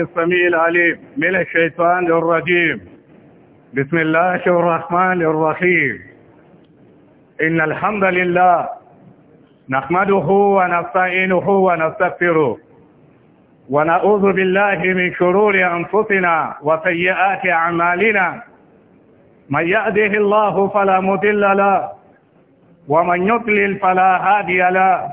السميع العليم من الشيطان الرجيم بسم الله الرحمن الرحيم إن الحمد لله نحمده ونستعينه ونستغفره ونعوذ بالله من شرور أنفسنا وسيئات أعمالنا من يأده الله فلا مضل له ومن يضلل فلا هادي له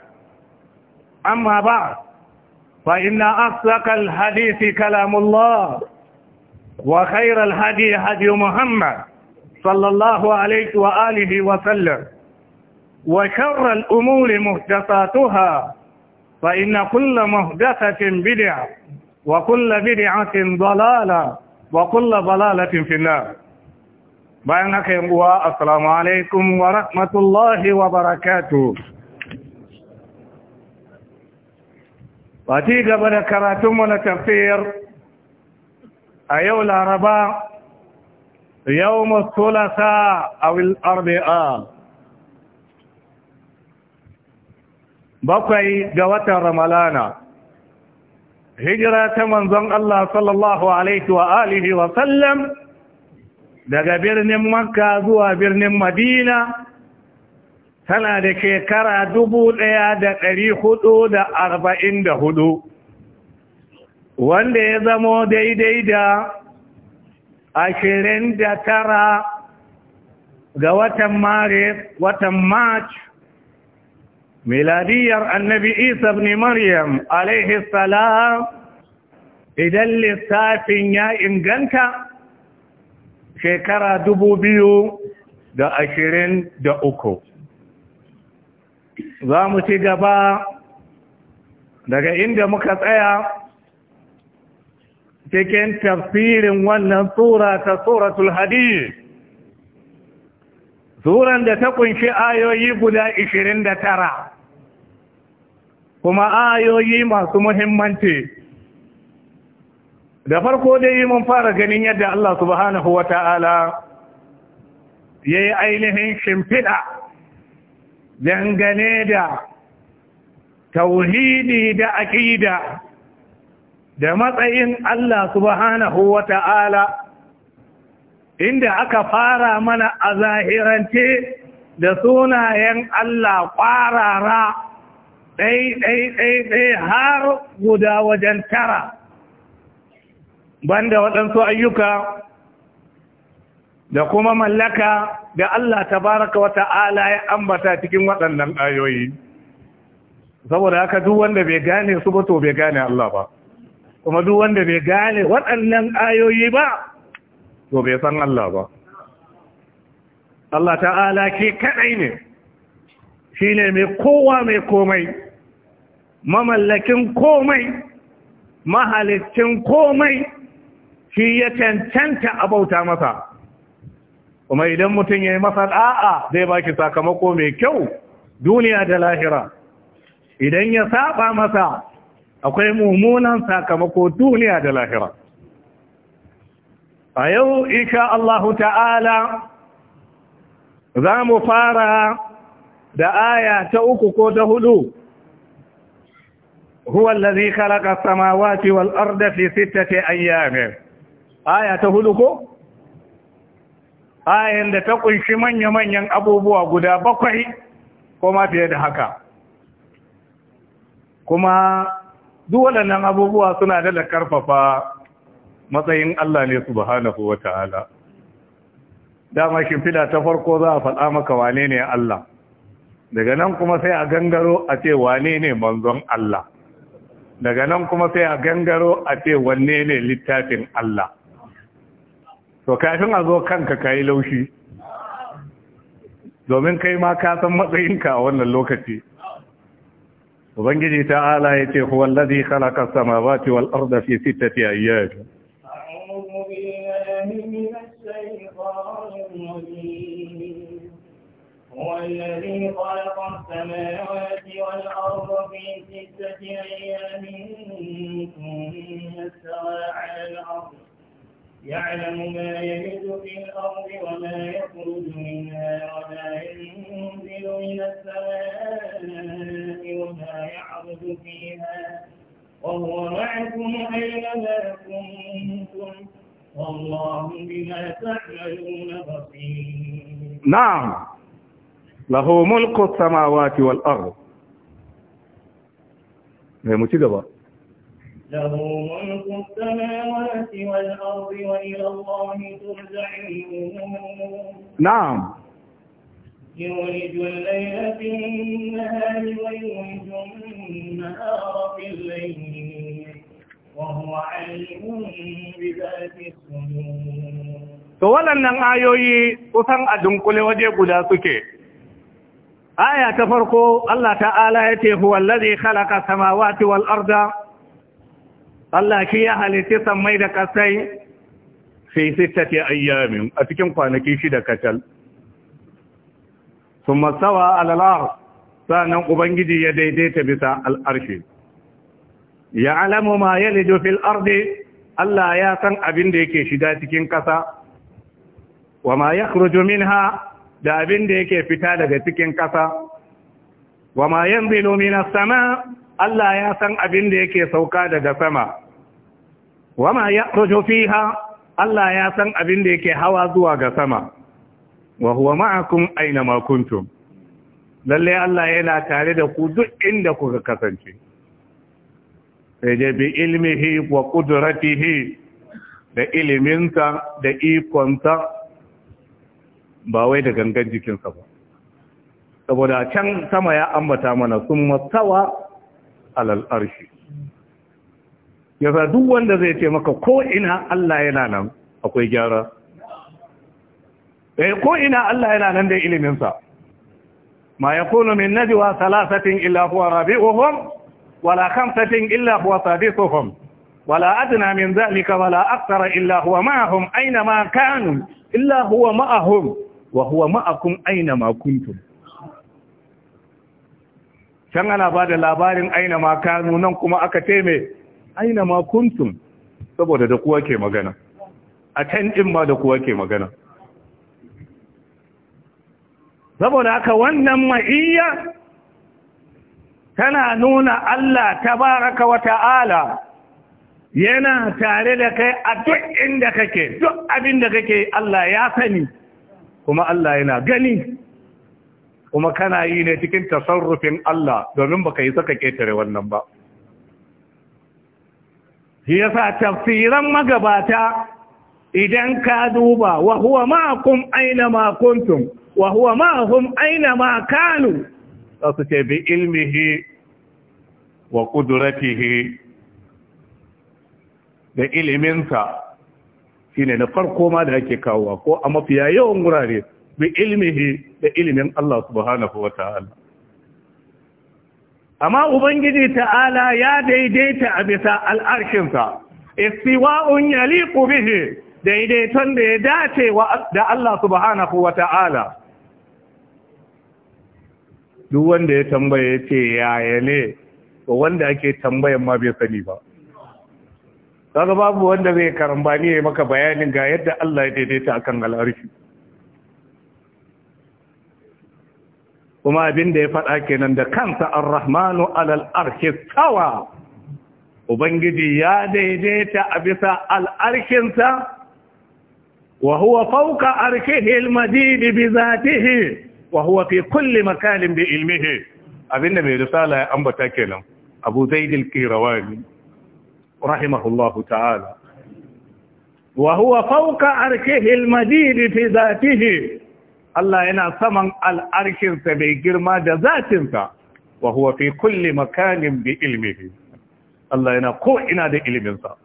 أما بعد فإن أصدق الحديث كلام الله وخير الهدي هدي محمد صلى الله عليه وآله وسلم وشر الأمور محدثاتها فإن كل محدثة بدعة وكل بدعة ضلالة وكل ضلالة في النار بينك السلام عليكم ورحمة الله وبركاته a ci gaba da karatunmu na tafiyar a yau laraba yau matulasa a wil'arbi'a bakwai ga watan ramalana hijira ta manzon Allah sallallahu alaihi wa alihi wa sallam daga birnin makka zuwa birnin madina tana da shekara dubu ɗaya da ɗari hudu da arba'in da hudu wanda ya zamo daidai da ashirin da tara ga watan maris watan march miladiyar annabi isa ne maryam alaihi idan lissafin ya inganta shekara dubu biyu da ashirin da uku za mu ci gaba daga inda muka tsaya cikin tafsirin wannan tsura ta suratul hadid suran da ta kunshi ayoyi guda 29 kuma ayoyi masu muhimmanci da farko dai mun fara ganin yadda Allah subhanahu wa ta'ala ya yi ainihin shimfiɗa dangane da tauhidi da aƙida da matsayin Allah subhanahu wa ta'ala inda aka fara mana a zahirance da sunayen Allah ƙwarara ɗai-ɗai-ɗai har guda wajen tara banda waɗansu ayyuka da kuma mallaka da Allah tabaraka wa ta'ala ya ambata cikin waɗannan ayoyi saboda haka duk wanda bai gane su ba to bai gane Allah ba kuma duk wanda bai gane waɗannan ayoyi ba to bai san Allah ba Allah ta'ala ke kadai ne shine mai kowa mai komai mamallakin komai mahalicin komai shi ya cancanta abauta masa kuma idan mutum ya yi masa a'a zai baki sakamako mai kyau duniya da lahira idan ya saba masa akwai mummunan sakamako duniya da lahira a yau isha Allahu ta'ala za mu fara da aya ta uku ko ta hudu huwa allazi khalaqa samawati wal arda fi sittati ayyamin aya ta hudu ko ayan da ta kunshi manya-manyan abubuwa guda bakwai ko ma fiye da haka kuma duk waɗannan abubuwa suna da karfafa matsayin Allah ne subhanahu wata'ala dama shimfiɗa ta farko za a faɗa maka wane ne Allah daga nan kuma sai a gangaro a ce wane ne manzon Allah daga nan kuma sai a gangaro a ce wanne ne littafin Allah to kafin a zo kanka ka yi laushi domin kai ma ka san matsayinka a wannan lokaci ubangiji ta'ala ya ce ladi allazi sama ba ce wal arda fi sittati ayyam هو الذي خلق السماوات والأرض في ستة أيام ثم استوى على الأرض يعلم ما يلد في الأرض وما يخرج منها وما ينزل من السماء وما يعرض فيها وهو معكم أينما كنتم والله بما تعملون بصير نعم له ملك السماوات والأرض. هي mutu gaba. له ملك السماوات والأرض وإلى الله ترجع الأمور نعم يولج الليل في النهار ويولج النهار في الليل وهو عليم بذات الصدور To waɗannan ayoyi kusan a dunkule waje guda suke, aya ta farko Allah ta'ala ya ce, Huwallazi khalaqa samawati wal arda Allah shi ya halitta sammai da kasai fi sittati ayyamin a cikin kwanaki shida kacal thumma sawa ala al-arsh sanan ubangiji ya daidaita bisa al-arshi alamu ma yalidu fil ardi Allah ya san abin da yake shiga cikin kasa wa ma yakhruju minha da abin da yake fita daga cikin kasa wa ma yanzilu sama Allah ya san abin da yake sauka daga sama wa ma fi ha Allah ya san abin da yake hawa zuwa ga sama wa huwa ma'akum aina makuntun. Lallai lalle Allah yana tare da ku duk inda kuka kasance sai dai bi ilmihi wa qudratihi da iliminsa da ikonsa ba wai da gangan jikinsa ba saboda can sama ya ambata mana sun matsawa alal arshi yasa duk wanda zai ce maka ko ina Allah yana nan akwai gyara eh ko ina Allah yana nan da iliminsa. sa ma yakunu min najwa thalathatin illa Rabi, rabi'uhum wala khamsatin illa huwa sadisuhum wala adna min zalika wala akthara illa huwa ma'ahum aina ma Kanun, illa huwa ma'ahum wa huwa ma'akum aina ma Kuntun. can ana ba da labarin aina ma kanu nan kuma aka teme mai aina ma kuntum saboda da kuwa ke magana a can ɗin ba da kuwa ke magana saboda haka wannan ma'iyya tana nuna Allah ta baraka wa ta'ala yana tare da kai a duk inda kake duk abin da kake Allah ya sani kuma Allah yana gani kuma kana yi ne cikin tasarrufin Allah domin baka yi saka ketare wannan ba shi sa tafsiran magabata idan ka duba wa huwa ma'akum aina ma kuntum wa huwa aina ma kanu su ce bi ilmihi wa kudratihi da iliminsa shine na farko ma da ake kawo ko a mafiya yawan wurare bi ilmihi da ilimin Allah subhanahu wa ta'ala amma ubangiji ta'ala ya daidaita a bisa al'arshinsa istiwa'un yaliqu bihi daidaiton da ya dace da Allah subhanahu wa ta'ala duk wanda ya tambaye ce yaya ne wanda ake tambayan ma bai sani ba kaga babu wanda zai karambani ya maka bayanin ga yadda Allah ya daidaita akan al'arshi kuma abin da ya faɗa kenan da kansa ar-rahmanu alal arshi tawa ubangiji ya daidaita a bisa al'arkinsa wa huwa fauka arshihi al-majid bi zatihi wa huwa fi kulli makalin bi ilmihi abinda mai risala ya ambata kenan abu zaid al-qirawani rahimahullahu ta'ala wa huwa fauka arshihi al-majid fi zatihi Allah yana saman al'arkinsa mai girma da zatinsa wa huwa fi kulle makanin bi ilmihi Allah yana ko ina da iliminsa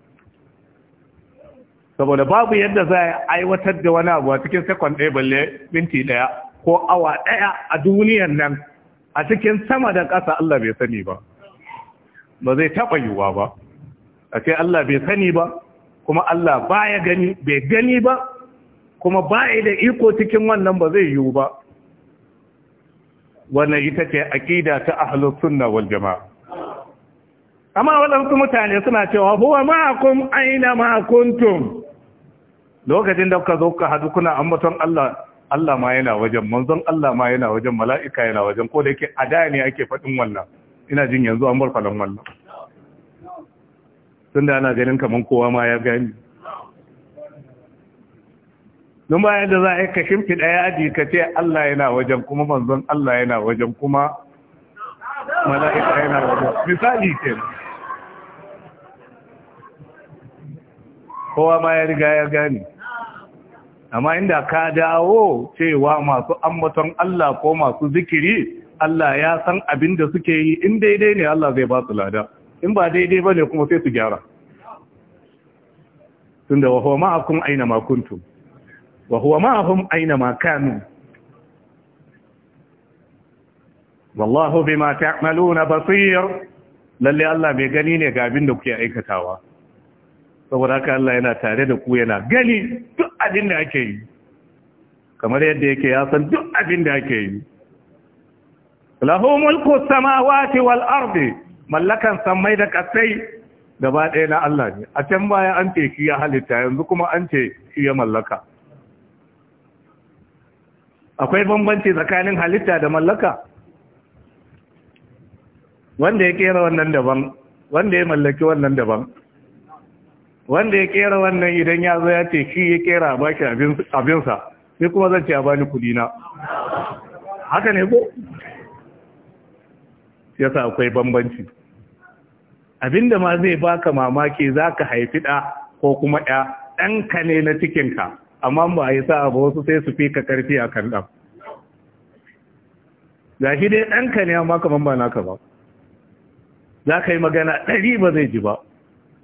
saboda babu yadda za a aiwatar da wani abu a cikin sekon ɗaya balle minti ɗaya ko awa ɗaya a duniyan nan a cikin sama da ƙasa Allah bai sani ba ba zai taɓa yiwuwa ba a ce Allah bai sani ba kuma Allah baya gani bai gani ba kuma ba da iko cikin wannan ba zai yiwu ba wannan ita ce aƙida ta ahlus sunna wal jama'a amma waɗansu mutane suna cewa huwa ma'akum aina ma kuntum lokacin da kuka zo ka hadu kuna ambaton Allah Allah ma yana wajen manzon Allah ma yana wajen mala'ika yana wajen ko da yake a da ne ake faɗin wannan ina jin yanzu an bar falan wannan tunda ana ganin kaman kowa ma ya gani don bayan da za a yi ka shimfiɗa yaji ka ce Allah yana wajen kuma manzon Allah yana wajen kuma mala'ika yana wajen misali ke kowa ma ya riga ya gane amma inda ka dawo cewa masu ambaton Allah ko masu zikiri Allah ya san abin da suke yi in daidai ne Allah zai ba su lada in ba daidai ba ne kuma sai su gyara tun da wahoma akun aina makuntum wa huwa ma'ahum aina ma kanu wallahu bima ta'maluna lalle Allah mai gani ne ga abin da kuke aikatawa saboda haka Allah yana tare da ku yana gani duk abin da ake yi kamar yadda yake ya san duk abin da ake yi lahu mulku samawati wal ardi mallakan samai da kasai gaba ɗaya na Allah ne a can baya an ce shi ya halitta yanzu kuma an ce shi ya mallaka akwai bambanci tsakanin halitta da mallaka wanda ya kera wannan daban wanda ya mallaki wannan daban wanda ya kera wannan idan ya zo ya ce shi ya kera ba shi abinsa sai kuma zan ce ya bani kudina haka ne ko yasa akwai bambanci abinda ma zai baka mamaki za ka haifi ɗa ko kuma ɗa ɗanka ne na cikinka amma ba a yi sa'a ba wasu sai su fi ka karfi a kan ɗan Za shi dai ɗanka ne amma kamar ba naka ba za ka yi magana ɗari ba zai ji ba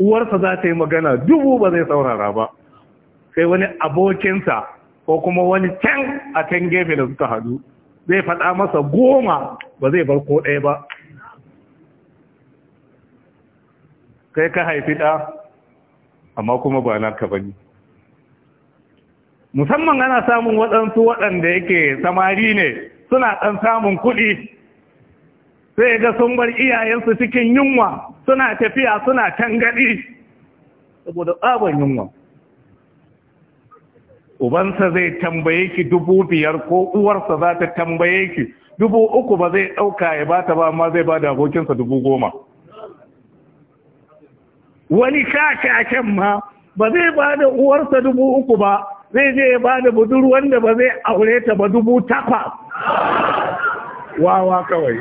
uwarsa za ta yi magana dubu ba zai saurara ba sai wani abokinsa ko kuma wani can a kan gefe da suka haɗu zai faɗa masa goma ba zai bar ko ɗaya ba kai ka haifi ɗa amma kuma ba naka ba ne musamman ana samun waɗansu waɗanda yake samari ne suna ɗan samun kuɗi sai ga sun bar iyayensu cikin yunwa suna tafiya suna tangaɗi saboda tsabar yunwa ubansa zai tambaye ki dubu biyar ko uwarsa za ta tambaye ki dubu uku ba zai ɗauka ya ba ta ba ma zai ba da abokinsa dubu goma wani kakaken ma ba zai ba da uwarsa dubu uku ba zai je ya ba da budur da ba zai aure ta ba dubu takwa wawa kawai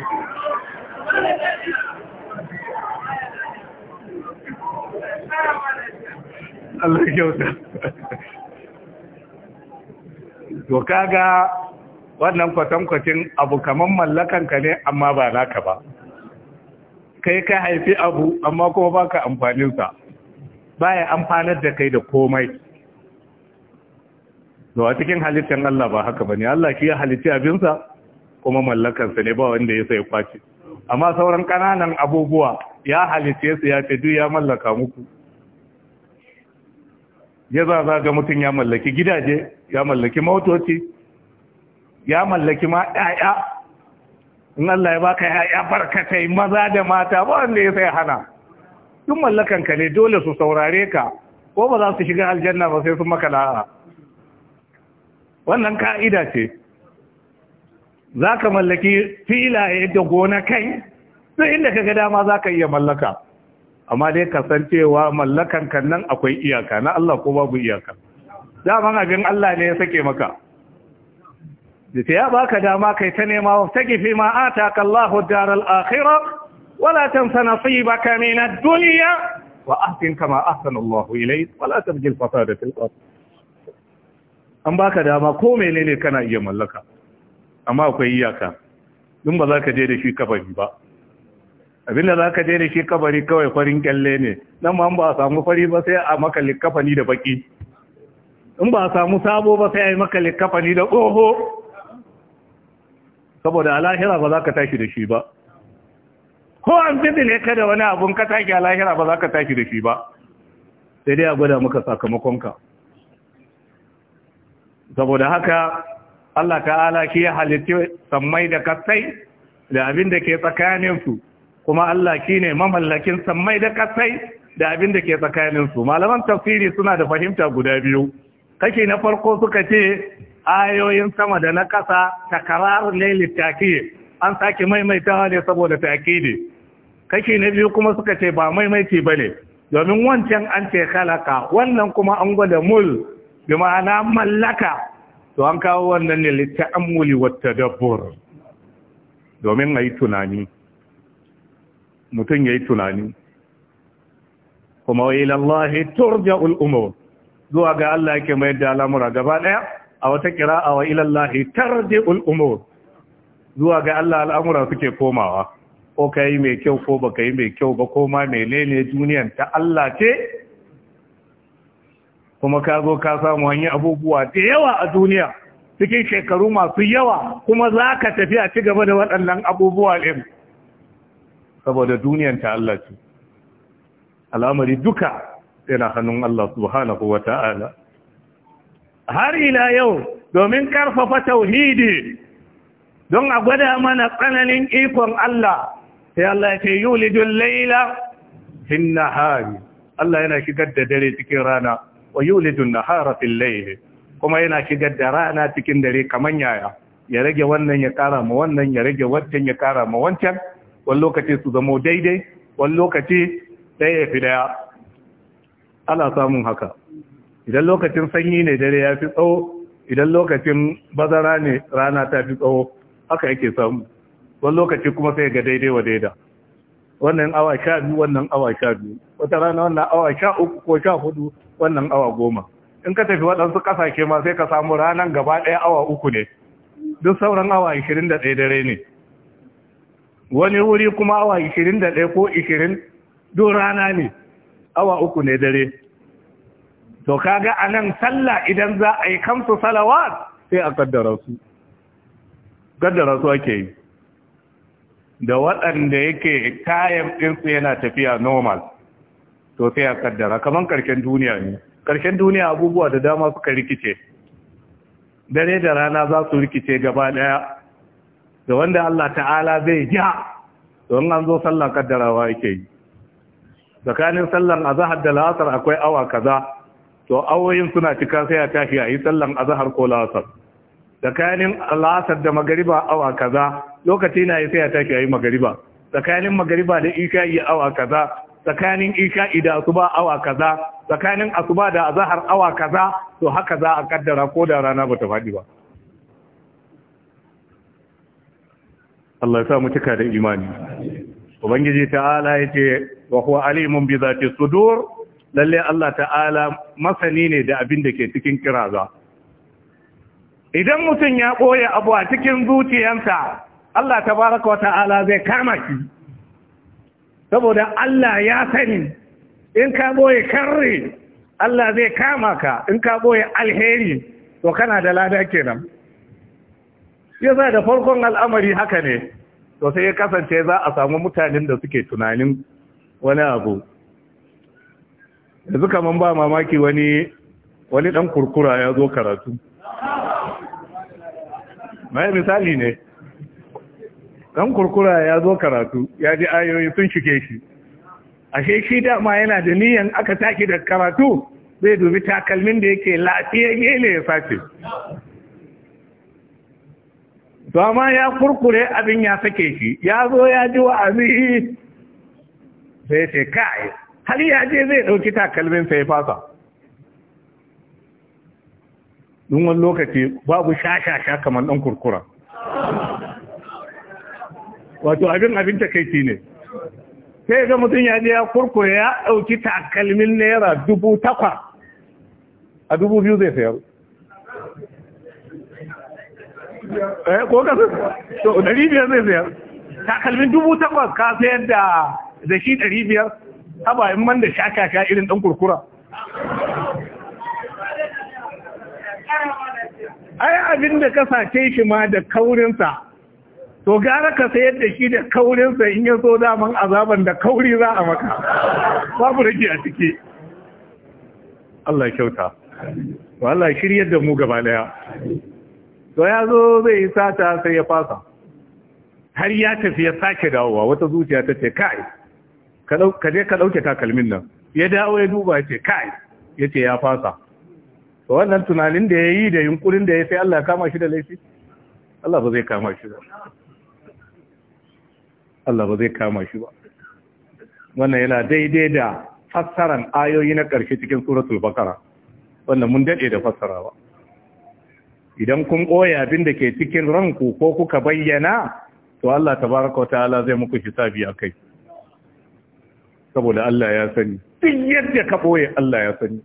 Allah kyauta to kaga wannan kwatankwacin abu kaman mallakanka ne amma ba naka ba kai ka haifi abu amma kuma baka amfaninsa baya amfanar da kai da komai Zuwa cikin halittar Allah ba haka ba ne Allah shi ya halitti abinsa kuma mallakansa ne ba wanda ya sai kwace amma sauran kananan abubuwa ya halitte su ya ce duk ya mallaka muku ya za ga mutum ya mallaki gidaje ya mallaki motoci ya mallaki ma ƴaƴa in Allah ya baka ƴaƴa barkatai maza da mata ba wanda ya sai hana duk mallakanka ne dole su saurare ka ko ba za su shiga aljanna ba sai sun maka la'a wannan ka'ida ce za ka mallaki filaye da kai, sai inda ka ga dama za ka iya mallaka amma dai kasancewa mallakan kan nan akwai iyaka na Allah ko babu iyaka daman abin Allah ne ya sake maka da ya baka dama kai ta nema ta gifi ma ataka Allahu daral akhirah wala tansa nasibaka min ad-dunya wa ahsin kama ahsana Allahu ilayk wala ta al-fasada da ardh an baka dama ko menene kana iya mallaka amma akwai iyaka dun ba za ka je da shi kabari ba abinda za ka je da shi kabari kawai farin kyalle ne nan ma ba a samu fari ba sai a maka likafani da baki in ba a samu sabo ba sai a yi maka likafani da oho saboda alahira ba za ka tashi da shi ba ko an ne ka da wani abun ka tashi alahira ba za ka tashi da shi ba sai dai a gwada maka sakamakonka saboda haka Allah ta'ala shi ya halitta sammai da kasai da abin da ke tsakaninsu kuma Allah ki ne mamallakin sammai da kasai da abin da ke tsakaninsu malaman tafsiri suna da fahimta guda biyu kashi na farko suka ce ayoyin sama da na ƙasa takarar lailit take an sake maimaitawa ne saboda takidi kashi na biyu kuma suka ce ba maimaiti bane domin wancan an ce halaka wannan kuma an gwada mul bi na mallaka to an kawo wannan ne litta'ammuli wa tadabbur domin ayi tunani mutum yayi tunani kuma ila Allah turja'ul umur zuwa ga Allah yake mai da al'amura gaba daya a wata qira'a wa ila Allah tarji'ul umur zuwa ga Allah al'amura suke komawa ko ka mai kyau ko baka yi mai kyau ba koma menene duniyar ta Allah ce kuma ka zo ka samu hanyar abubuwa da yawa a duniya cikin shekaru masu yawa kuma za ka tafi a ci gaba da waɗannan abubuwa ɗin saboda duniyan ta Allah ce al'amari duka yana hannun Allah subhanahu wa ta'ala har ila yau domin ƙarfafa tauhidi don a gwada mana tsananin ikon Allah sai Allah ce yulijin laila fin nahari Allah yana shigar da dare cikin rana wa yulidun nahara fil layl kuma yana shigar da rana cikin dare kaman yaya ya rage wannan ya kara ma wannan ya rage wancan ya kara ma wancan wani lokaci su zamo daidai wani lokaci sai ya fi daya ana samun haka idan lokacin sanyi ne dare ya fi tsawo idan lokacin bazara ne rana ta fi tsawo haka yake samu wani lokaci kuma sai ga daidai wa daida wannan awa sha biyu wannan awa sha biyu wata rana wannan awa sha uku ko sha hudu wannan awa goma in ka tafi waɗansu ƙasashe ma sai ka samu ranar gaba ɗaya awa uku ne duk sauran awa 21 dare ne wani wuri kuma awa 21 ko 20 duk rana ne awa uku ne dare to kaga a nan sallah idan za a yi kamsu salawat sai a kaddara su kaddara su ake yi da waɗanda yake kayan ɗinsu yana tafiya normal to sai a kaddara kaman karshen duniya ne karshen duniya abubuwa da dama suka rikice dare da rana za su rikice gaba daya da wanda Allah ta'ala zai ja don an zo sallan kaddarawa yake yi tsakanin sallan azahar da la'asar akwai awa kaza to awoyin suna cika sai a tafi a yi sallan azahar ko la'asar tsakanin la'asar da magariba awa kaza lokaci na yi sai a tafi a yi magariba tsakanin magariba da yi awa kaza tsakanin isha idan asuba awa kaza tsakanin asuba da azahar awa kaza to haka za a kaddara ko da rana bata faɗi ba Allah ya sa mu cika da imani ubangiji ta'ala yace wa huwa alimun bi zati sudur lalle Allah ta'ala masani ne da abin da ke cikin kiraza idan mutum ya ɓoye abu a cikin zuciyarsa Allah tabaraka wa ta'ala zai kama shi saboda Allah ya sani in ka boye karri Allah zai kama ka in ka boye alheri to kana da lada kenan yasa da farkon al'amari haka ne to sai ya kasance za a samu mutanen da suke tunanin wani abu yanzu kamar ba mamaki wani wani dan kurkura ya zo karatu mai misali ne Ɗan kurkura ya zo karatu ya ji ayoyi sun shige shi ashe shi dama yana da niyan aka taki da karatu zai dubi takalmin da yake lafiya ne ya sace to amma ya kurkure abin ya sake shi ya zo ya ji wa wa'azi sai ce kai har ya je zai ɗauki takalmin sai fasa dun wani lokaci babu sha-sha-sha kamar ɗan kurkura wato abin abin takaici ne sai ga mutum ya ya kurkure ya ɗauki takalmin naira dubu takwa a dubu biyu zai sayar eh ko ka to dari biyar zai sayar takalmin dubu takwa ka sayar da da shi dari biyar haba in man da shakaka irin ɗan kurkura ai abin da ka sace shi ma da kaurinsa to gara ka sayar da shi da kaurinsa in ya so daman azaban da kauri za a maka babu rage a ciki Allah ya kyauta Allah shiryar da mu gaba daya to ya zo zai yi sata sai ya fasa har ya tafi ya sake dawowa wata zuciya ta ce kai ka je ka dauke takalmin nan ya dawo ya duba ya ce kai ya ce ya fasa to wannan tunanin da ya yi da yunkurin da ya sai Allah ya kama shi da laifi Allah ba zai kama shi da Allah ba zai kama shi ba wannan yana daidai da fassaran ayoyi na ƙarshe cikin suratul bakara wannan mun daɗe da fassara ba. idan kun ɓoye abin da ke cikin ranku ko kuka bayyana to Allah ta wata ala zai muku hisabi a kai saboda Allah ya sani duk yadda ka ɓoye Allah ya sani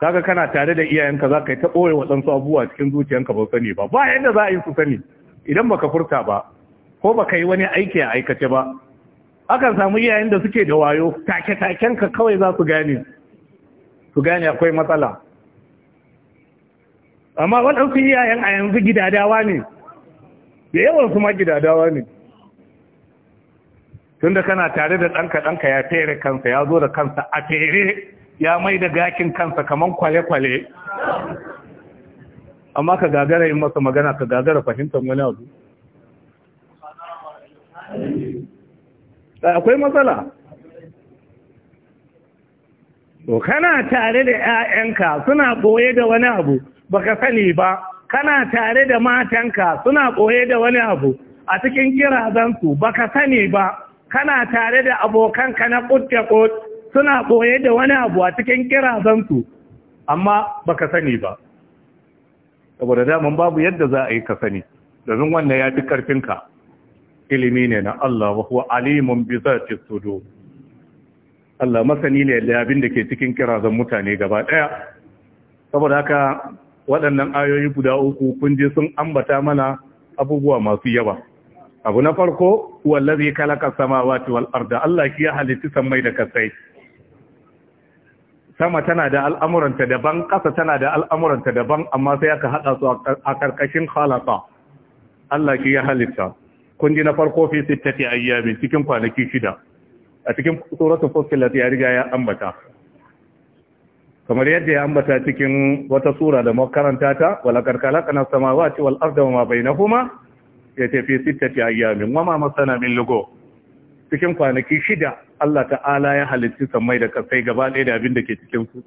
kaga kana tare da iyayenka za ka yi ta ɓoye waɗansu abubuwa cikin zuciyanka ba sani ba ba yadda za a yi su sani idan baka furta ba ko ba ka yi wani aiki a aikace ba akan samu iyayen da suke da wayo take-taken ka kawai za su gane su gane akwai matsala amma waɗansu iyayen a yanzu gidadawa ne da yawan su ma gidadawa ne tun da kana tare da ɗanka ɗanka ya fere kansa ya zo da kansa a fere ya mai da gakin kansa kamar kwale-kwale amma ka gagara yin masa magana ka gagara fahimtar wani abu akwai matsala to kana tare da 'ya'yanka suna ɓoye da wani abu baka sani ba kana tare da matanka suna ɓoye da wani abu a cikin kirazansu baka sani ba kana tare da abokanka na kutte kot suna ɓoye da wani abu a cikin kirazansu amma baka sani ba saboda daman babu yadda za a yi ka sani domin wannan ya fi karfinka ilimi ne na Allah wa huwa alimun bi zati sudur Allah masani ne da abin da ke cikin zan mutane gaba daya saboda haka waɗannan ayoyi guda uku kun je sun ambata mana abubuwa masu yawa abu na farko wallazi khalaqa samawati wal arda Allah shi ya halitta samai da kasai sama tana da al'amuranta daban ƙasa tana da al'amuranta daban amma sai aka haɗa su a ƙarƙashin halata Allah ki ya halitta kundi na farko fi sittati ayyami cikin kwanaki shida a cikin suratul fussilat ya riga ya ambata kamar yadda ya ambata cikin wata sura da makaranta ta walaqad khalaqna samawati wal na wama bainahuma yace fi sittati ayyami. wama masana min lugo cikin kwanaki shida Allah ta'ala ya halitta samai da kasai gaba ɗaya da abin da ke cikin su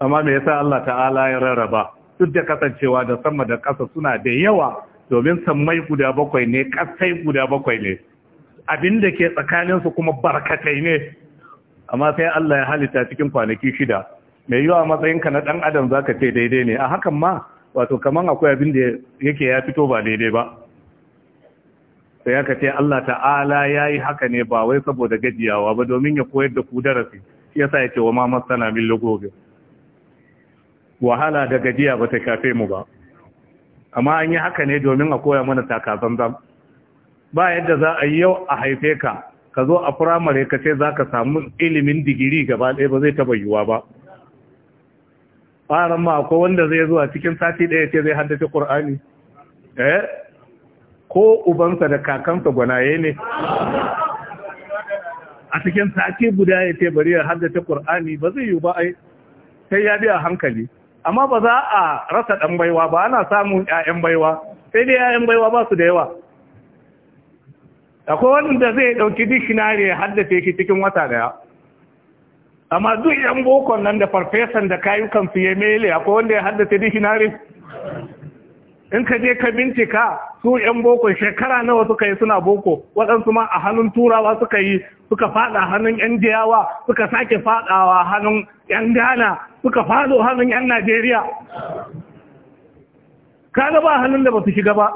amma me yasa Allah ta'ala ya rarraba duk da kasancewa da sama da kasa suna da yawa domin sammai guda bakwai ne kasai guda bakwai ne abin da ke tsakaninsu kuma barkatai ne amma sai Allah ya halitta cikin kwanaki shida mai yiwa matsayinka na ɗan adam za ka ce daidai ne a hakan ma wato kamar akwai abin da yake ya fito ba daidai ba sai aka ce Allah ta'ala ya yi haka ne ba wai saboda gajiyawa ba domin ya koyar da ku darasi ya sa ya ce wa ma masana min lugobe wahala da gajiya ba ta kafe mu ba amma an yi haka ne domin a koya mana takasanzan ba yadda za a yi yau a haife ka ka zo a firamare ka ce za ka samu ilimin digiri gaba ɗaya ba zai taɓa yiwuwa ba ɓaran ma ko wanda zai zuwa cikin sati ɗaya ce zai haddace ƙur'ani eh ko ubansa da kakansa gwanaye ne a cikin sati guda ya ce bari ya haddace ƙur'ani ba zai yiwu ba ai sai ya bi a hankali amma ba za a rasa ɗan baiwa ba ana samun ‘ya'yan baiwa sai dai ‘ya'yan baiwa ba su da yawa akwai wanda zai ɗauki dishinari ya haddace shi cikin wata daya amma duk ‘yan bokon nan da farfesan da kayukan fiye mele akwai wanda ya haddace dishinari in ka je ka bincika su ‘yan bokon shekara nawa suka yi suna boko waɗansu ma a hannun turawa suka yi suka faɗa hannun ‘yan jiyawa suka sake faɗawa hannun ‘yan gana suka fado hannun 'yan Najeriya kaga ba halin da ba su shiga ba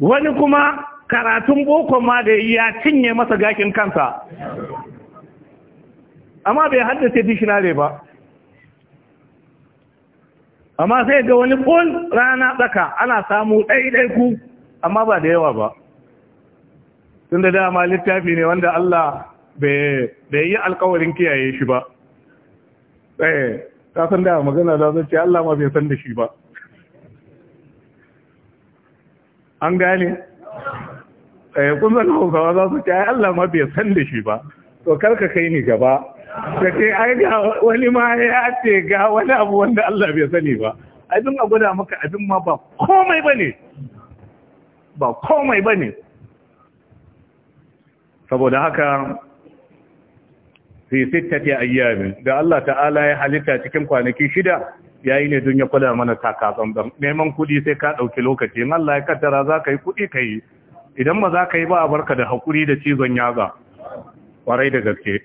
wani kuma karatun boko ma da ya cinye masa gakin kansa amma bai haddace dishinare ba amma sai ga wani kol rana tsaka ana samu ɗaiɗaiku amma ba da yawa ba tun da dama littafi ne wanda Allah bai yi alkawarin kiyaye shi ba eh ta san da magana da zai ce Allah ma bai san da shi ba an gane eh kun san Hausawa za su ce ai Allah ma bai san da shi ba to karka kai ni gaba ka ce ai ga wani ma ya ce ga wani abu wanda Allah bai sani ba abin a gwada maka abin ma ba komai bane ba komai bane saboda haka fi sittati ayyamin da Allah ta'ala ya halitta cikin kwanaki shida yayi ne don ya kula mana takatsan dan neman kudi sai ka dauki lokaci in Allah ya kaddara za ka yi kudi kai idan ba za ka yi ba a barka da hakuri da cizon yaza kwarai da gaske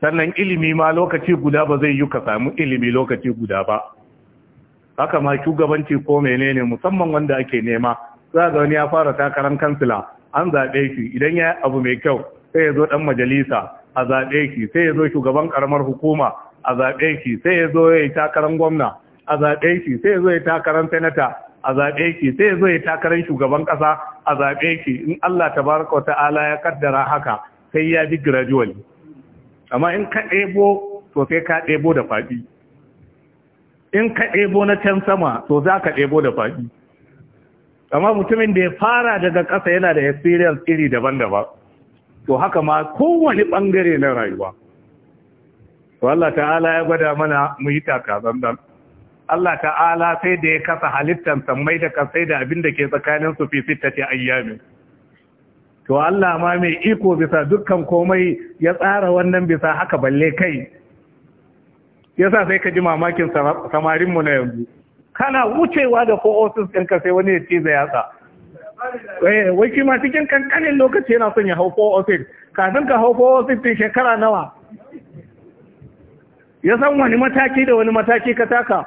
sannan ilimi ma lokaci guda ba zai yi ka samu ilimi lokaci guda ba haka ma shugabanci ko menene musamman wanda ake nema za ga wani ya fara takarar kansila an zaɓe shi idan ya abu mai kyau sai ya zo dan majalisa a zaɓe ki sai ya zo shugaban ƙaramar hukuma a zaɓe ki sai ya zo ya yi takarar gwamna a zaɓe ki sai ya zo ya takarar senata a zaɓe ki sai ya zo ya takarar shugaban ƙasa a zaɓe ki in Allah Ta wa ta'ala ya kaddara haka sai ya ji gradually amma in ka ɗebo to sai ka ɗebo da faɗi in ka ɗebo na can sama to za ka ɗebo da faɗi amma mutumin da ya fara daga ƙasa yana da experience iri daban-daban to haka ma kowane ɓangare na rayuwa to Allah ta'ala ya gwada mana mu yi takazandan Allah ta'ala sai da ya kasa halittar samai da kasai da abin da ke tsakanin su fi sittati ayyamin to Allah ma mai iko bisa dukkan komai ya tsara wannan bisa haka balle kai yasa sai ka ji mamakin samarinmu na yanzu kana wucewa da ko ofis ɗinka sai wani ya ce zai yatsa Eh, wai shi ma cikin kankanin lokaci yana son ya hau ofis, oh kafin ka hau ofis oh din shekara nawa ya san wani mataki da wani mataki ka taka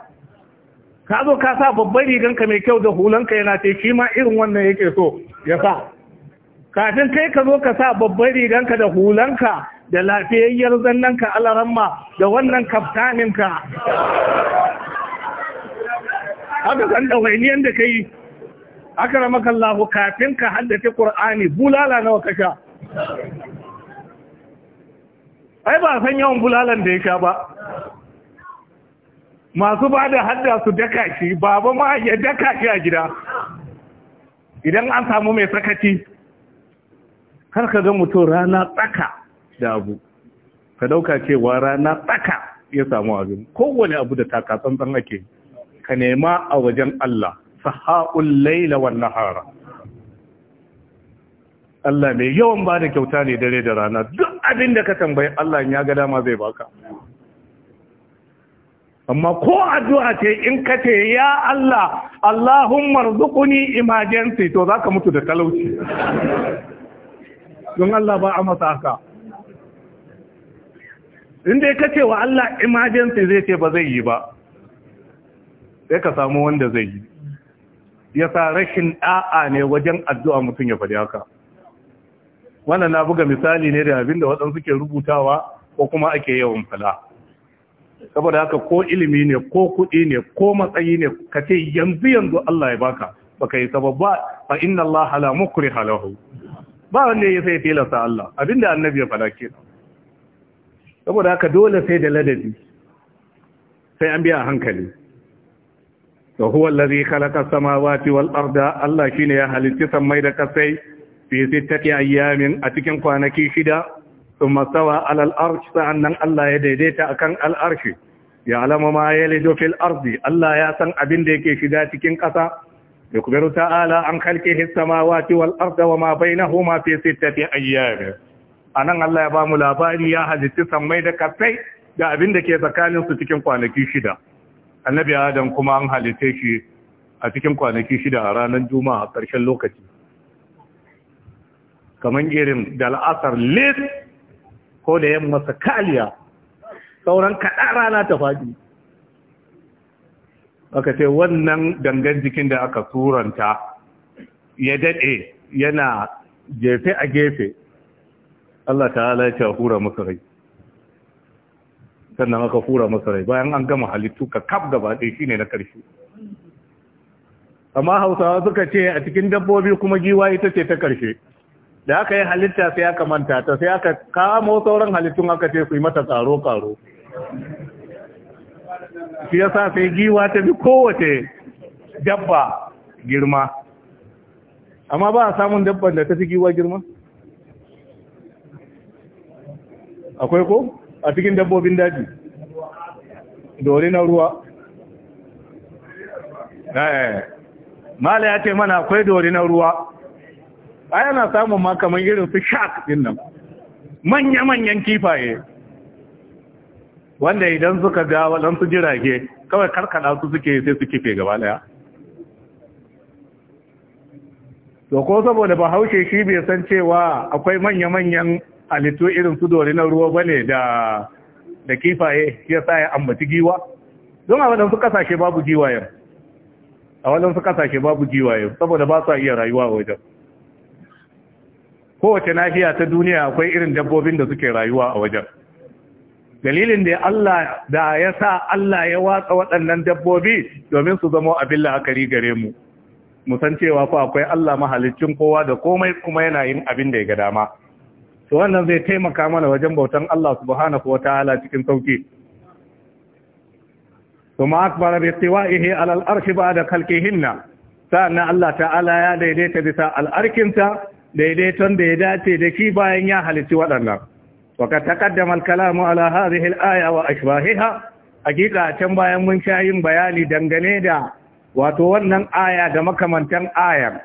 ka zo ka sa babban riganka mai kyau da hulanka yana ce shi ma irin wannan yake so ya sa kafin kai ka zo ka sa babban riganka da hulanka da lafiyayyar ka alaramma da wannan ka haka kan ɗawainiyar da ka yi akramaka Allah kafin ka haddace Qur'ani bulala nawa ka sha ai ba san yawan bulalan da ya sha ba masu ba da hadda su daka shi baba ma ya daka shi a gida idan an samu mai sakaci har ka ga mutum rana tsaka da abu ka dauka cewa rana tsaka ya samu abin kowane abu da takatsantsan ake ka nema a wajen Allah sahaul laila wan nahara Allah mai yawan ba da kyauta ne dare da rana duk abin da ka tambayi Allah ya ga dama zai baka amma ko addu'a ce in ka ce ya Allah Allahumma rzuqni emergency to zaka mutu da talauci don Allah ba a masa haka inda ka ce wa Allah emergency zai ce ba zai yi ba sai ka samu wanda zai yi ya sa rashin ɗa'a ne wajen addu'a mutum ya faɗi haka wannan na buga misali ne da abin da waɗansu ke rubutawa ko kuma ake yawan fala saboda haka ko ilimi ne ko kuɗi ne ko matsayi ne ka ce yanzu yanzu Allah ya baka baka yi sabab ba fa inna Allah la mukriha lahu ba wanda ya sai tilasta Allah abinda annabi ya fada kenan saboda haka dole sai da ladabi sai an biya hankali wa huwa allazi khalaqa samawati wal arda Allah shine ya halitta sammai da kasai fi sittati ayyamin a cikin kwanaki shida thumma stawa ala al arsh Allah ya daidaita a kan arshi ya alama ma yalidu fil ardi Allah ya san abin da yake shiga cikin kasa da ta'ala an khalqihi samawati wal arda wa ma bainahuma fi sittati ayyamin anan Allah ya ba mu labari ya halitta sammai da kasai da abin da ke tsakaninsu cikin kwanaki shida annabi adam kuma an halitta shi a cikin kwanaki shida a ranar juma'a ƙarshen lokaci kamar irin da al'asar lit ko da yamma kaliya sauran kaɗa rana ta faɗi aka ce wannan dangar jikin da aka turanta ya daɗe yana jefe a gefe Allah ta'ala ya hura masarai sannan aka fura masa rai bayan an gama halittu ka kaf gaba ɗaya shine na ƙarshe amma hausawa suka ce a cikin dabbobi kuma giwa ita ce ta ƙarshe da aka yi halitta sai aka manta ta sai aka kamo sauran halittun aka ce su yi mata tsaro karo shi yasa sai giwa ta bi kowace dabba girma amma ba a samun dabban da ta fi giwa girma akwai ko? a cikin dabbobin daji dori na ruwa eh. mala ya ce mana akwai dori na ruwa a yana samun ma kamar irin su shark din nan manya-manyan kifaye wanda idan suka ga waɗansu jirage kawai karkada su suke sai su kife gaba daya to ko saboda bahaushe shi bai san cewa akwai manya-manyan halittu irin su dori na ruwa bane da da kifaye ya sa ya ambaci giwa don a waɗansu ƙasashe babu giwayen a waɗansu ƙasashe babu giwayen saboda ba su iya rayuwa wajen kowace nahiya ta duniya akwai irin dabbobin da suke rayuwa a wajen dalilin da Allah da ya sa Allah ya watsa waɗannan dabbobi domin su zama abin la'akari gare mu musan cewa fa akwai Allah mahalicin kowa da komai kuma yana yin abin da ya ga dama to wannan zai taimaka mana wajen bautan Allah subhanahu wa ta'ala cikin sauki kuma akbara bi istiwa'ihi ala al-arshi ba'da khalqihinna sa'anna Allah ta'ala ya daidaita bisa al arkinta daidaiton da ya dace da shi bayan ya halitti waɗannan wa ka taqaddama al-kalamu ala hadhihi al-aya wa ashbahiha hakika can bayan mun sha yin bayani dangane da wato wannan aya da makamantan ayar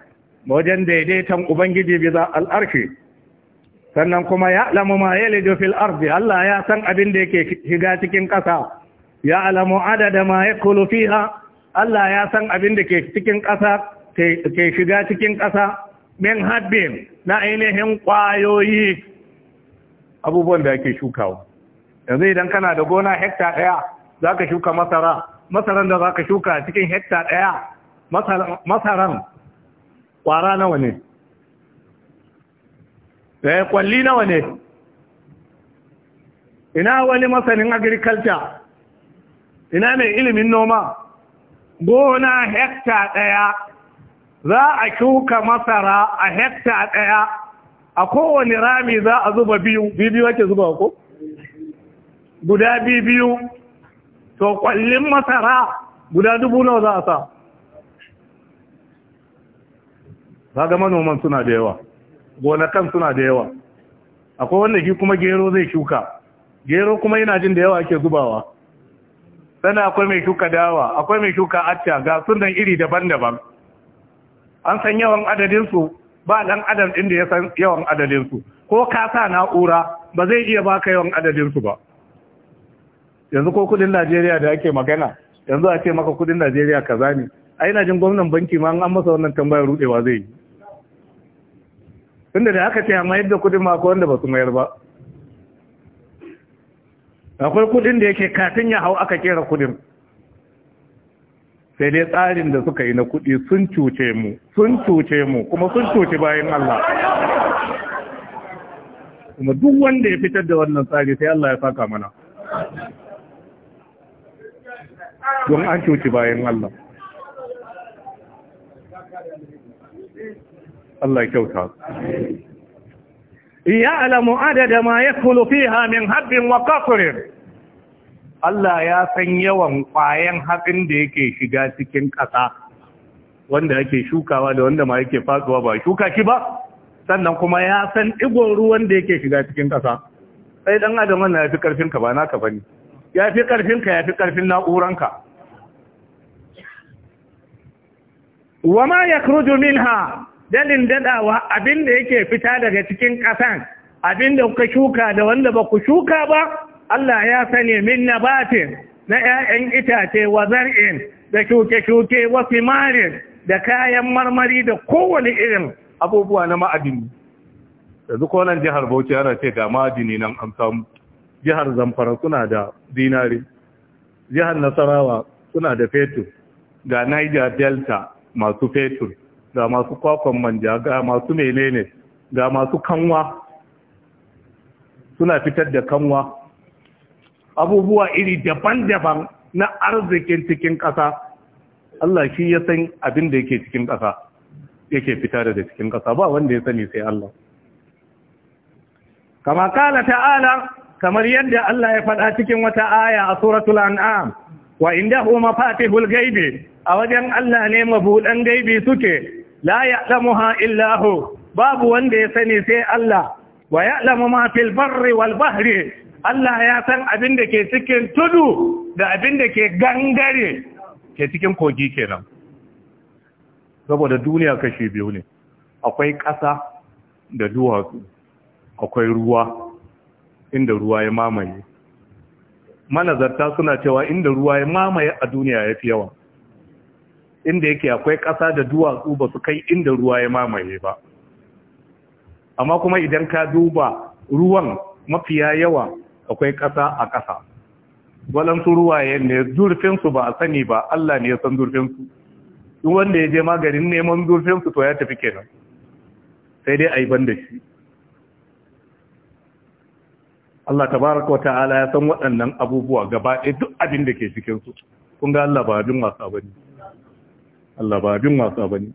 wajen daidaiton ubangiji bisa al-arshi sannan kuma ya alamu ma yalidu fil ardi Allah ya san abin da yake shiga cikin ƙasa ya alamu adada ma yakulu fiha Allah ya san abin da ke shiga cikin ƙasa min haɗin na ainihin ƙwayoyi abubuwan da ake shukawa yanzu idan kana da gona hekta ɗaya za ka shuka masara masaran da za ka shuka cikin hekta ɗaya masaran ƙwara nawa ne eh kwalli nawa ne ina wani masanin agriculture ina mai ilimin noma gona hekta ɗaya za a shuka masara a hekta ɗaya a kowane rami za a zuba biyu biyu ake zuba ko guda biyu to kwallin masara guda dubu nawa za a sa ba ga manoman suna da yawa gonakan suna da yawa akwai wanda shi kuma gero zai shuka gero kuma yana jin da yawa ake zubawa sannan akwai mai shuka dawa akwai mai shuka acca ga sunan iri daban-daban an san yawan adadinsu ba dan adam din da ya san yawan adadinsu ko ka sa na'ura ba zai iya baka yawan adadinsu ba yanzu ko kudin najeriya da ake magana yanzu a ce maka kudin najeriya kaza ne ai na jin gwamnan banki ma an masa wannan tambayar rudewa zai yi tunda da aka ce a mayar da kudin ma wanda ba su mayar ba akwai kudin da yake kafin ya hau aka kera kudin sai dai tsarin da suka yi na kudi sun cuce mu sun cuce mu kuma sun cuce bayan Allah kuma duk wanda ya fitar da wannan tsari sai Allah ya saka mana don an cuci bayan Allah Allah ya kyauta adada ma yakulu fiha min habbin wa kafirin. Allah ya san yawan kwayan hatsin da yake shiga cikin ƙasa wanda yake shukawa da wanda ma yake fasuwa ba shuka shi ba sannan kuma ya san igon ruwan da yake shiga cikin ƙasa sai dan adam wannan yafi karfin ka ba naka bane yafi karfin ka yafi karfin uranka. Wa wama yakhruju minha dadin dadawa abin da yake fita daga cikin ƙasan abin da kuka shuka da wanda ba ku shuka ba Allah ya sani min nabatin na 'ya'yan itace wa zar'in da shuke-shuke wa fimarin da kayan marmari da kowane irin abubuwa na ma'adini yanzu ko nan jihar Bauchi ana ce ga ma'adini nan an samu jihar Zamfara suna da dinari jihar Nasarawa suna da fetur ga Niger Delta masu fetur ga masu kwakwan manja ga masu menene ga masu kanwa suna fitar da kanwa abubuwa iri daban-daban na arzikin cikin ƙasa Allah shi ya san abin da yake cikin ƙasa yake fitar da cikin ƙasa ba wanda ya sani sai Allah kama kala ta'ala kamar yadda Allah ya faɗa cikin wata aya a suratul an'am wa indahu mafatihul gaibi a wajen Allah ne mabuɗan gaibi suke la ya'lamuha illa illahu babu wanda ya sani sai Allah wa ya'lamu ma fil barri Allah ya san abin da ke cikin tudu da abin da ke gangare ke cikin kogi kenan saboda duniya kashi biyu ne akwai ƙasa da duwatsu akwai ruwa inda ruwa ya mamaye manazarta suna cewa inda ruwa ya mamaye a duniya ya fi yawa inda yake akwai ƙasa da duwatsu ba su kai inda ruwa ya mamaye ba amma kuma idan ka duba ruwan mafiya yawa akwai ƙasa a ƙasa waɗansu ruwaye ne zurfinsu ba a sani ba Allah ne ya san zurfinsu duk wanda ya je maganin neman zurfinsu to ya tafi kenan sai dai a yi ban da shi Allah tabaraka wata'ala ya san waɗannan abubuwa gaba ɗaya duk abin da ke cikinsu kun ga Allah ba abin wasa ba ne Allah ba abin wasa ba ne.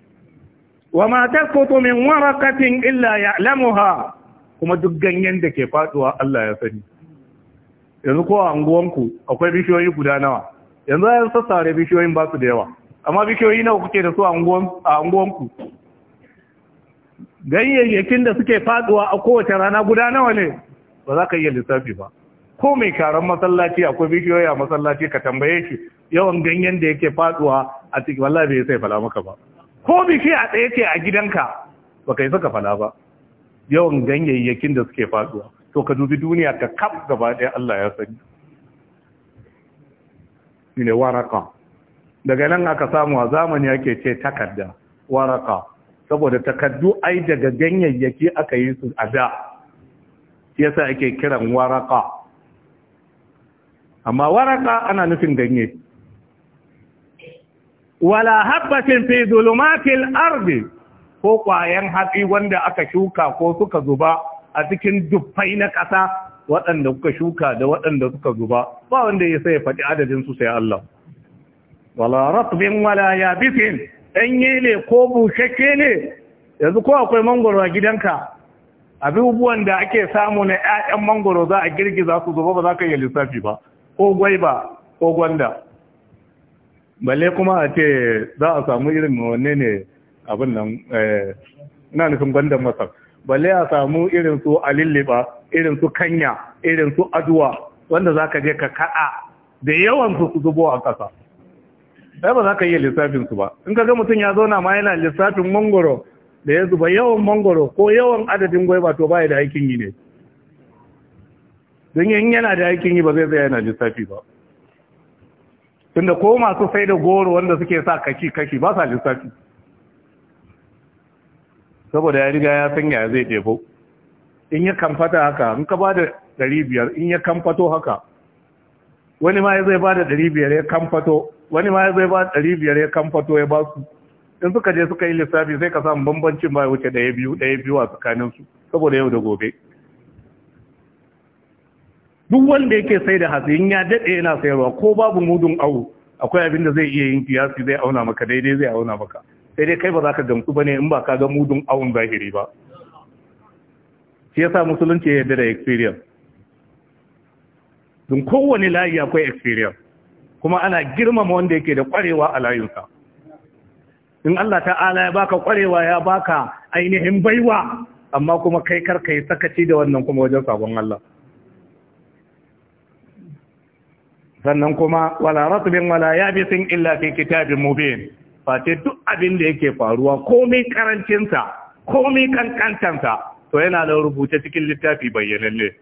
wa ma koto min waraqatin illa ya ya'lamuha kuma duk ganyen da ke faduwa Allah ya sani yanzu ko a unguwanku akwai bishiyoyi guda nawa yanzu ayan sassare bishiyoyin ba su da yawa amma bishiyoyi nawa kuke da su a unguwanku ganyayyakin da suke faduwa a kowace rana guda nawa ne ba za ka iya lissafi ba ko mai karan masallaci akwai bishiyoyi a masallaci ka tambaye shi yawan ganyen da yake faduwa a ciki wallahi bai sai fala maka ba ko biki a tsaye ce a gidanka baka yi saka fala ba yawan ganyayyakin da suke faduwa to ka dubi duniya ka kaf gaba ɗaya Allah ya sani ne waraka daga nan aka samu a zamani yake ce takarda waraka saboda takardu ai daga ganyayyaki aka yi su a da yasa ake kiran waraka amma waraka ana nufin ganye wala habbatin fi zulumatil ardi ko kwayan hatsi wanda aka shuka ko suka zuba a cikin dubbai na ƙasa waɗanda kuka shuka da waɗanda suka zuba ba wanda ya sai faɗi adadin su sai Allah wala ratbin wala yabisin danye ne ko bushashe ne yanzu ko akwai mangoro a gidanka abubuwan da ake samu na ƴaƴan mangoro za a girgiza su zuba ba za ka yi lissafi ba ko gwaiba ko gwanda balle kuma a ce za a samu irin wanne ne abin nan eh, ina nufin gwandan masar balle a samu irin su alilliba irin su kanya irin su aduwa wanda za ka je ka kaɗa da yawan su zubo a ƙasa sai ba za ka iya lissafin su ba in ka ga mutum ya zauna ma yana lissafin mangoro da ya zuba yawan mangoro ko yawan adadin gwaiba to baya da aikin yi ne don yin yana da aikin yi ba zai zai yana lissafi ba tunda ko masu sai da goro wanda suke sa kashi-kashi ba sa lissafi saboda ya riga ya sanya zai tefo in ya kamfata haka in ka ba da ɗari biyar in ya kamfato haka wani ma ya zai ba da ɗari biyar ya kamfato wani ma ya zai ba da ɗari biyar ya kamfato ya ba su in suka je suka yi lissafi sai ka samu bambancin ba wuce ɗaya biyu ɗaya biyu a tsakaninsu saboda yau da gobe duk wanda yake sai da hatsi in ya daɗe yana sayarwa ko babu mudun awu. akwai abin da zai iya yin kiyasi zai auna maka daidai zai auna maka sai dai kai ba za ka gamsu ba ne in ba ka ga mudun awun zahiri ba shi yasa musulunci ya yarda da experience don kowane layi akwai experience kuma ana girmama wanda yake da kwarewa a layinsa in Allah ta'ala ya baka kwarewa ya baka ainihin baiwa amma kuma kai karka yi sakaci da wannan kuma wajen sabon Allah sannan kuma wala ratbin wala yabisin illa fi kitabin mubin Fati duk abin da yake faruwa komai sa komai sa to yana da rubuce cikin littafi bayyanalle.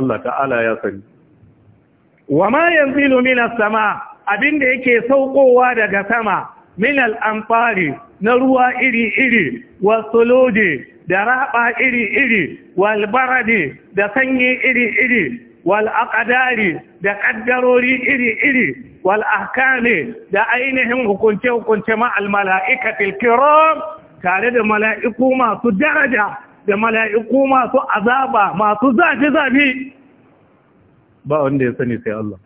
Allah ta'ala ya sani wa ma yanzilu as sama abin da yake saukowa daga sama min al amfari na ruwa iri-iri wa suluji da raba iri-iri wal baradi da sanyi iri-iri walaƙadari da kaddarori iri-iri wal ne da ainihin hukunce-hukunce ma'almalaika al tare da mala'iku masu daraja da mala'iku masu azaba masu zafi-zafi ba wanda ya sani sai Allah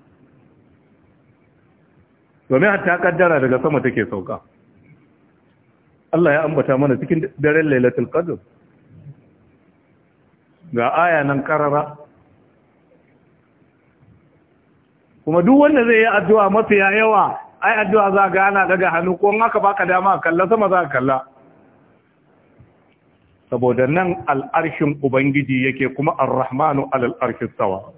domin hatta kaddara daga sama take sauka Allah ya ambata mana cikin daren lailatul qadr ga aya nan ƙarara. kuma duk wanda zai yi addu'a mafi yawa ai addu'a za ga ana daga hannu ko in aka baka dama kalla sama za kalla saboda nan al'arshin ubangiji yake kuma ar-rahmanu al'arshin sawa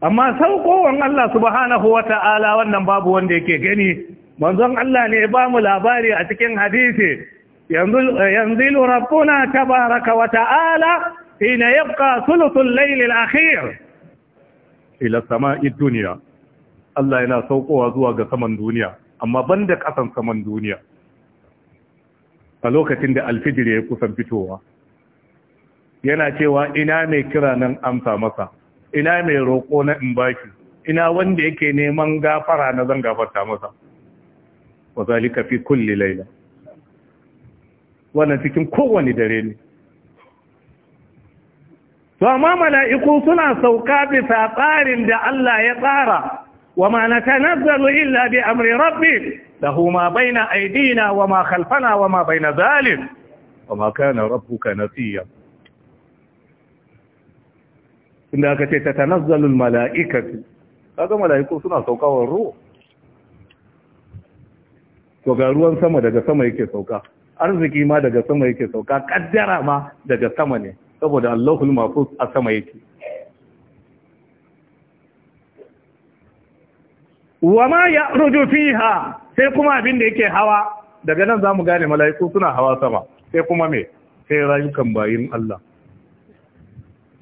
amma saukowan Allah subhanahu wa ta'ala wannan babu wanda yake gani manzon Allah ne ba mu labari a cikin hadisi yanzu eh, rabbuna tabaraka wa ta'ala حين يبقى ثلث الليل الأخير إلى السماء الدنيا الله ينا سوقها زواج سمن دنيا ƙasan saman duniya. سمن دنيا da عند الفجر يقسم fitowa. yana cewa ina mai kira nan amsa masa ina mai roƙo na in baki ina wanda yake neman gafara na zan gafarta masa wa zalika fi kulli laila wannan cikin kowane dare ne to amma mala'iku suna sauka bisa tsarin da Allah ya tsara wa ma na tanazzalu illa bi amri rabbi lahu ma baina aydina wa ma khalfana wa ma baina zalim wa ma kana rabbuka nasiya inda aka ce tanazzalu mala’ikatu kaga mala'iku suna saukawar ruwa to ga ruwan sama daga sama yake sauka arziki ma daga sama yake sauka kaddara ma daga sama ne saboda Allahul mafus a sama yake wa ma ya ruju fiha sai kuma abin da yake hawa daga nan zamu gane mala'iku suna hawa sama sai kuma me sai rayukan bayin Allah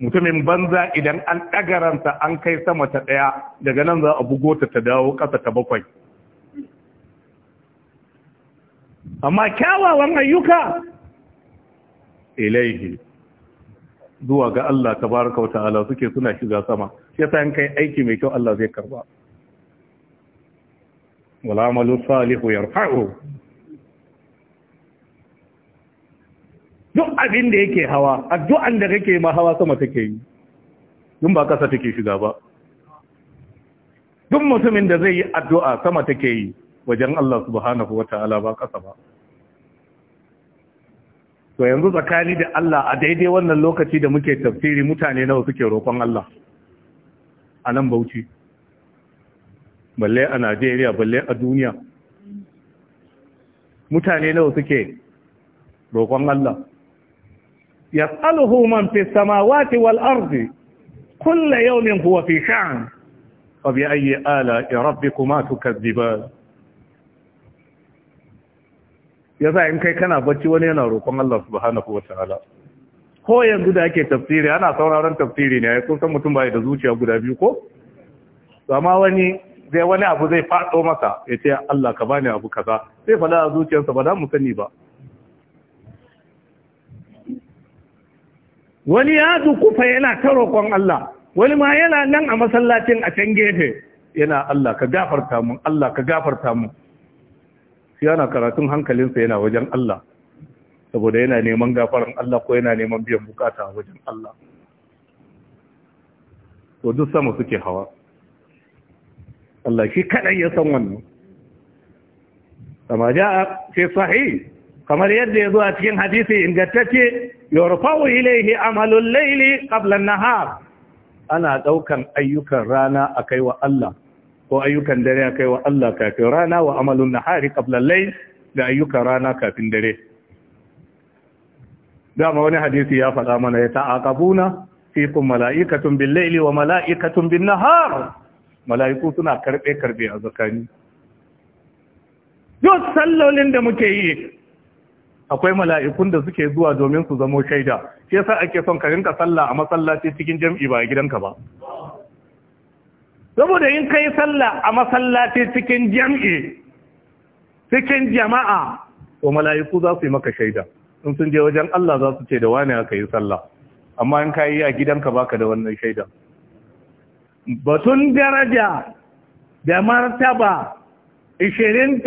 mutumin banza idan an ɗagaranta an kai sama ta ɗaya daga nan za a bugo ta ta dawo ƙasa ta bakwai amma kyawawan ayyuka ilaihi zuwa ga Allah tabaraka wa ta'ala suke suna shiga sama shi yasa in kai aiki mai kyau Allah zai karba wala amalu salihu yarfa'u duk abin da yake hawa addu'an da kake ma hawa sama take yi dun ba kasa take shiga ba duk mutumin da zai yi addu'a sama take yi wajen Allah subhanahu wa ta'ala ba kasa ba to yanzu tsakani da Allah a daidai wannan lokaci da muke tafsiri mutane nawa suke roƙon Allah a nan Bauchi balle a Najeriya balle a duniya mutane nawa suke roƙon Allah yas'aluhu man fi samawati wal ardi kullu yawmin huwa fi sha'n wa bi ayyi ala rabbikuma tukazziban Ya sa in kai kana bacci wani yana roƙon Allah subhanahu ta'ala ko yanzu da ake tafsiri ana sauraron tafsiri ne ko san mutum bai da zuciya guda biyu ko amma wani zai wani abu zai faɗo masa ya ce Allah ka bani abu kaza sai faɗa a zuciyarsa ba da mu sani ba wani ya kufa yana ta roƙon Allah wani ma yana nan a masallacin a can gefe yana Allah ka gafarta mu Allah ka gafarta mu yana karatun hankalinsa yana wajen Allah saboda yana neman gafaran Allah ko yana neman biyan bukata wajen Allah to duk sama suke hawa Allah shi kaɗai ya san wannan kama ja'a fi sahih kamar yadda ya zo a cikin hadisi ingantacce yurfa'u ilayhi amalul layli qabla an-nahar ana daukan ayyukan rana akai wa Allah ko ayyukan dare a kai wa Allah kafin rana wa amalun na hari al da ayyukan rana kafin dare dama wani hadisi ya faɗa mana ya ta'aqabuna fikum mala'ikatun bin laili wa mala'ikatun bin-nahar mala'iku suna karɓe-karɓe a zakani Yau sallolin da muke yi akwai mala'ikun da suke zuwa domin su zamo shaida shi yasa ake son ka rinka sallah a masallaci cikin jam'i ba a gidanka ba saboda in kai sallah a masallaci cikin jam'i cikin jama'a to mala'iku za su yi maka shaida in sun je wajen Allah za su ce da wani aka yi sallah amma in yi a gidanka baka da wannan shaida batun daraja da martaba 27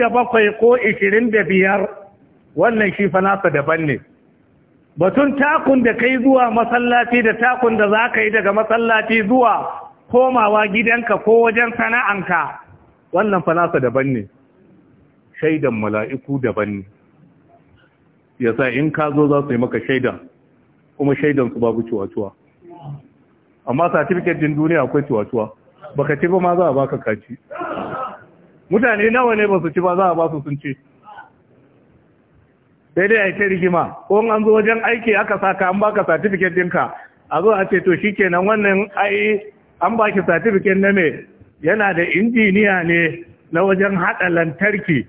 ko 25 wannan shi fa daban ne batun takun da kai zuwa masallaci da takun da za ka yi daga masallaci zuwa komawa gidanka ko wajen sana'anka wannan fanasa daban ne shaidan mala'iku daban ne ya sa in ka zo za su yi maka shaidan kuma shaidan su babu ciwacuwa amma certificate din duniya akwai ciwacuwa baka ci ba ma za a baka kaci mutane nawa ne ba su ci ba za a ba su sun ci sai dai a yi ta rigima ko an zo wajen aiki aka saka an baka certificate dinka a zo a ce to shikenan wannan ai an ba ki certificate na me yana da injiniya ne na wajen haɗa lantarki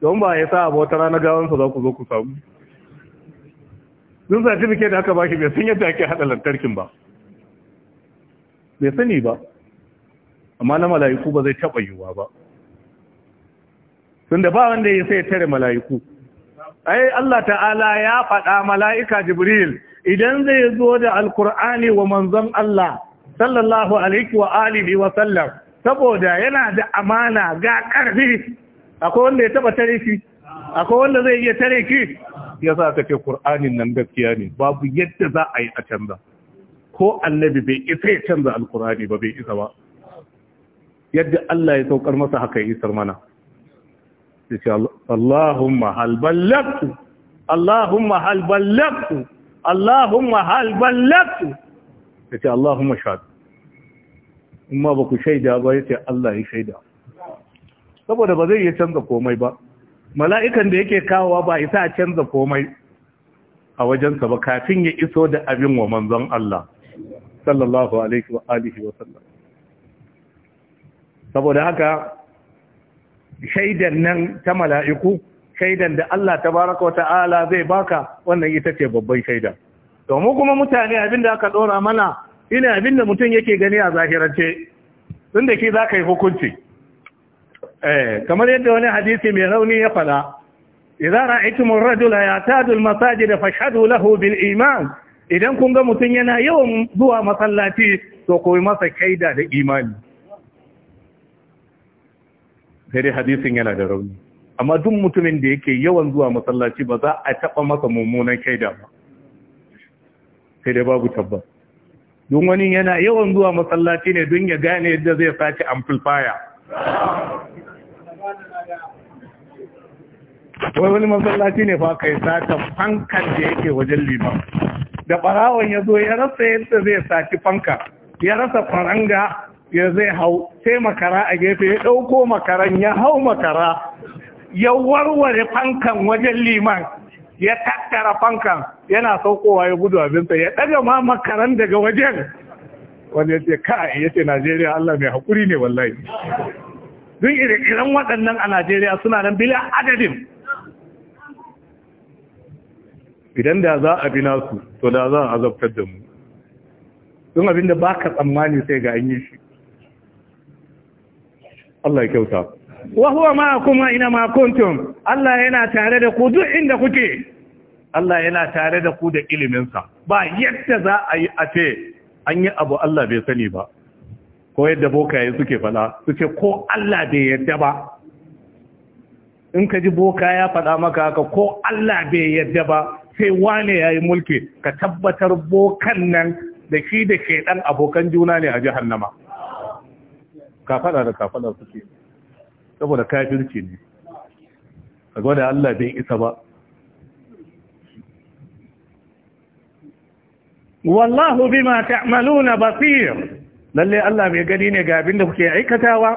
don ba ya sa abota rana gawansa za ku zo ku samu sun certificate da aka ba shi bai sun yadda ake haɗa lantarkin ba bai sani ba amma na mala'iku ba zai taɓa yiwuwa ba sun da ba wanda ya sai tare mala'iku ai Allah ta'ala ya faɗa mala'ika jibril idan zai zo da alkur'ani wa manzon Allah sallallahu alaihi wa alihi wa sallam saboda yana da amana ga karfi akwai wanda ya taba tare shi akwai wanda zai iya tare ki ya sa ta ce qur'anin nan gaskiya ne babu yadda za a yi a canza ko annabi bai isa ya canza alqur'ani ba bai isa ba yadda Allah ya saukar masa haka ya isar mana yace Allahumma hal ballagtu Allahumma hal ballagtu Allahumma hal ballagtu ya ce Allahumma shaɗu in ma ba ku shaida ba ya ce Allah ya shaida saboda ba zai iya canza komai ba mala'ikan da yake kawowa ba isa a canza komai a wajensa ba kafin ya iso da abin wa manzon Allah sallallahu alaihi wa alihi wa sallam saboda haka shaidan nan ta mala'iku shaidan da Allah ta baraka ta'ala zai baka wannan ita ce babban shaida to kuma mutane abin aka ɗora mana ina abinda mutum yake gani a zahirance tun da ke za ka yi hukunci eh, kamar yadda wani hadisi mai rauni ya fada idan ra'aytumur rajula yatadu al-masajida fashhadu lahu bil iman idan kun ga mutum yana yawan zuwa masallaci to koyi masa kaida da imani sai hadisin yana da rauni amma duk mutumin da yake yawan zuwa masallaci ba za a taba masa mummunan kaida ba sai dai babu tabbas don wani yana yawan zuwa masallaci ne don ya gane yadda zai sace amplifier wai wani masallaci ne fa kai sata fankan da yake wajen liman da barawon ya zo ya rasa yadda zai saci fanka ya rasa faranga ya zai hau sai makara a gefe ya ɗauko makaran ya hau makara ya warware fankan wajen liman ya tattara fankan yana saukowa ya gudu abinsa ya ɗaga ma makaran daga wajen wanda ya ce kai ya ce najeriya allah mai haƙuri ne wallahi duk ire-iren waɗannan a najeriya suna nan bila adadin idan da za a bi nasu to da za a azabtar da mu don abinda ba ka tsammani sai ga an yi shi Allah ya kyauta wa huwa kuma ina ma kuntum Allah yana tare da ku duk inda kuke Allah yana tare da ku da iliminsa ba yadda za a yi a ce an yi abu Allah bai sani ba ko yadda bokaye suke fada suke ko Allah bai yadda ba in ka ji boka ya fada maka haka ko Allah bai yadda ba sai wane yayi mulki ka tabbatar bokan nan da shi da shedan abokan juna ne a jahannama ka fada da ka fada suke saboda kafirci ne a gwada Allah bai isa ba wallahu bima ta'maluna basir lalle Allah mai gani ne ga abin da kuke aikatawa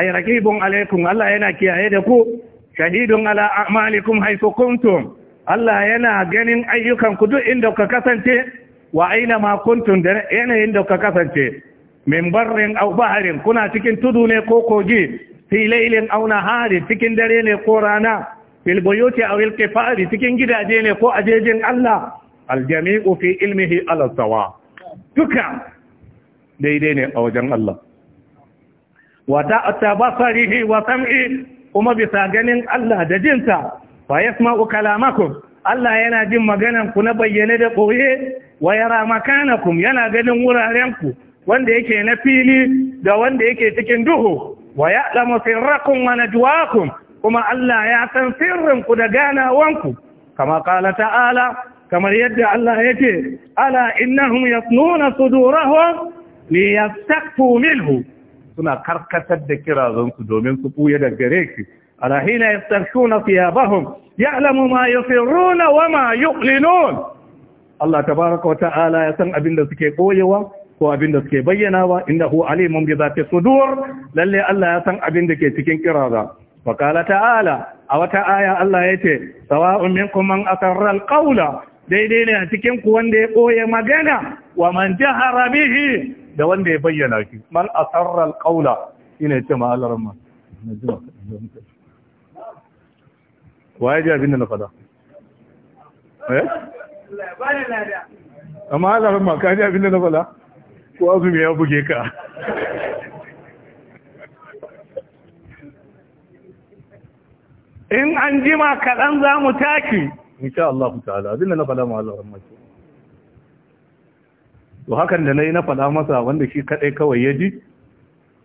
ay raqibun alaikum Allah yana kiyaye da ku shahidun ala a'malikum haythu kuntum Allah yana ganin ayyukan ku duk inda kuka kasance wa aina ma kuntum da yanayin da kuka kasance min barrin aw baharin kuna cikin tudu ne ko kogi fi lailin auna hari cikin dare ne ko rana fil buyuti aw il kifari cikin gidaje ne ko ajejin Allah al jami'u fi ilmihi ala sawa duka daidai ne a wajen Allah wa ta basarihi wa sam'i kuma bisa ganin Allah da jinsa fa yasma'u kalamakum Allah yana jin maganan ku na bayyane da koye wa yara makanakum yana ganin wuraren ku wanda yake na fili da wanda yake cikin duhu wa ya'lamu sirrakum wa najwaakum kuma Allah ya san sirrin ku da ganawanku kama qala ta'ala kamar yadda Allah ya ce ala innahum yasnuna sudurahum liyastakfu minhu suna karkatar da kirazansu domin su buya da gare ki ala hina yastarshuna thiyabahum ya'lamu ma yusirruna wa ma yuqlinun Allah tabaraka wa ta'ala ya san abin da suke koyewa ko abin da suke bayyana ba bayyanawa innahu alimun bi zati sudur lalle Allah ya san abin da ke cikin kirara wa qala ta'ala a wata aya Allah ya ce, sawa'un minkum man asarra alqawla daidai ne a cikin ku wanda ya koye magana wa man jahara bihi da wanda ya bayyana shi man asarra alqawla shine ce ma Allah rahman ya ji abin da na fada eh amma Allah rahman ka ji abin da na fada ko mai ya buge ka in an jima kaɗan za mu taki insha Allah ku ta'ala abinda na faɗa ma Allah mace to hakan da na yi na faɗa masa wanda shi kaɗai kawai ya ji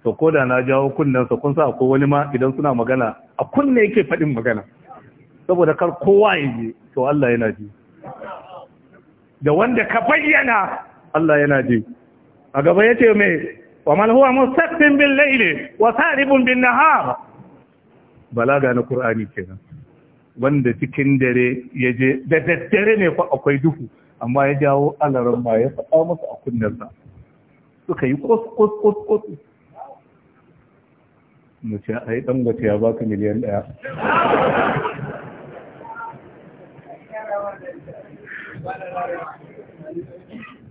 to ko da na jawo kunnen sa kun sa ko wani ma idan suna magana a kunne yake faɗin magana saboda kar kowa ya ji to Allah yana ji da wanda ka bayyana Allah yana ji a gaba ya ce mai wa huwa mustaqbin bil layli wa saribun bin nahar balaga na qur'ani kenan wanda cikin dare yaje da daddare ne fa akwai duhu amma ya jawo alaran ma ya faɗa masa a kunnarsa suka yi kos kos kos kos mu ce ai dan ya baka miliyan ɗaya.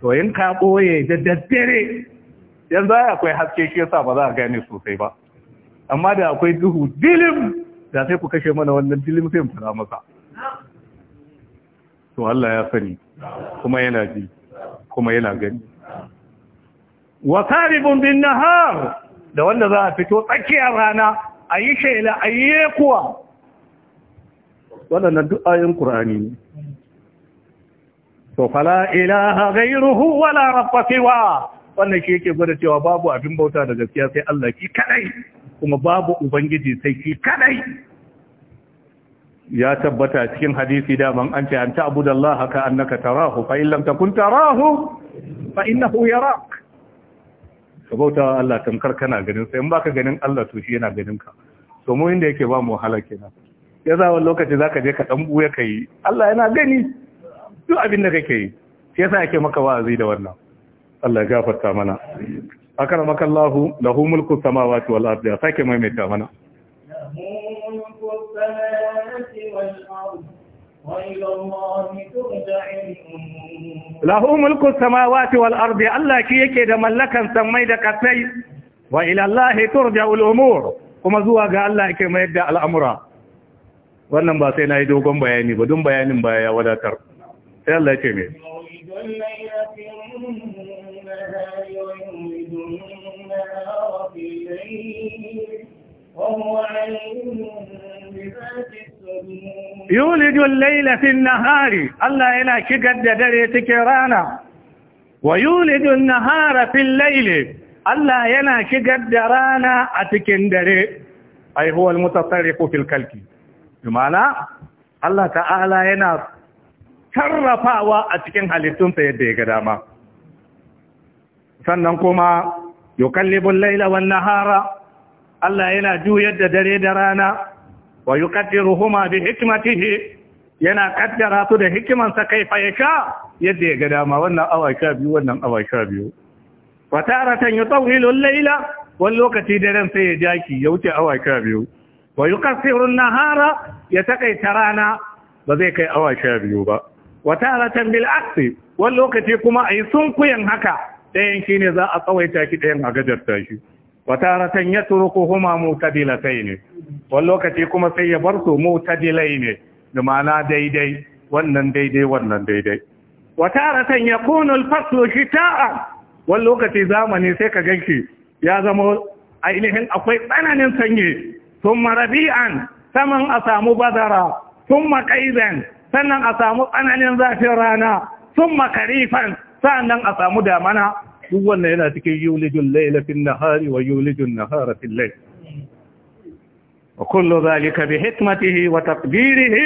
to yin ka ɓoye da daddare yanzu akwai haske shi yasa ba za a gane sosai ba amma da akwai duhu dilim da sai ku kashe mana wannan dilim sai mu fara masa to Allah ya sani kuma yana ji kuma yana gani wa karibun bin nahar da wanda za a fito tsakiyar rana a yi shaila a yi kuwa waɗannan duk ayin ƙur'ani ne to fala ilaha ghairuhu wala rabba siwa wannan shi yake gwada cewa babu abin bauta da gaskiya sai Allah ki kadai kuma babu ubangiji sai ki kadai ya tabbata cikin hadisi daman an ce an ta'budallaha ka annaka tarahu fa in lam takun tarahu fa innahu yarak ka bauta Allah tamkar kana ganin sai in baka ganin Allah to shi yana ganin ka to mu inda yake ba mu wahala kenan ya za wani lokaci zaka je ka dan buya kai Allah yana gani duk abin da kake yi shi yasa yake maka wa'azi da wannan Allah ya gafarta mana akramaka Allahu lahu mulku samawati wal ardi sake maimaita mana lahu mulku samawati wal ardi Allah ki yake da mallakan samai da kasai wa ila Allah turja'ul umur kuma zuwa ga Allah yake mai da al'amura wannan ba sai na yi dogon bayani ba don bayanin baya ya wadatar يولد الليل في النهار الله إلى كقد دري تكرانا ويولد النهار في الليل الله إلى كقد رانا اتكندري أي هو المتطرف في الكلك بمعنى الله تعالى ينص sarrafawa a cikin halittunsa yadda ya ga dama sannan kuma yukallibul laila wa nahara Allah yana juyar da dare da rana wa yuqaddiruhuma bi hikmatihi yana kaddara su da hikimansa kaifa sha yadda ya ga dama wannan awa sha biyu wannan awa sha biyu wa yi tsawon al-laila wani lokaci daren sai ya jaki ya wuce awa sha biyu wa yuqassiru an-nahara ya takaita rana ba zai kai awa sha biyu ba wata ratan bil aksi wani lokaci kuma a yi sunkuyan haka ɗayan shi ne za a tsawaita ki ɗayan a gajarta shi wata ratan ya turku huma sai ne wani lokaci kuma sai ya bar su mutadilai ne da ma'ana daidai wannan daidai wannan daidai wata ratan ya kunu shi ta'a. wani lokaci zamani sai ka gan shi. ya zama ainihin akwai tsananin sanyi sun marabi'an saman a samu bazara sun maƙaizan sannan a samu tsananin zafin rana sun makarifan sa'annan a samu damana duk wannan yana cikin yulijin lailafin nahari wa yulijin nahara fil wa kullu zalika bi hikmatihi wa taqdirihi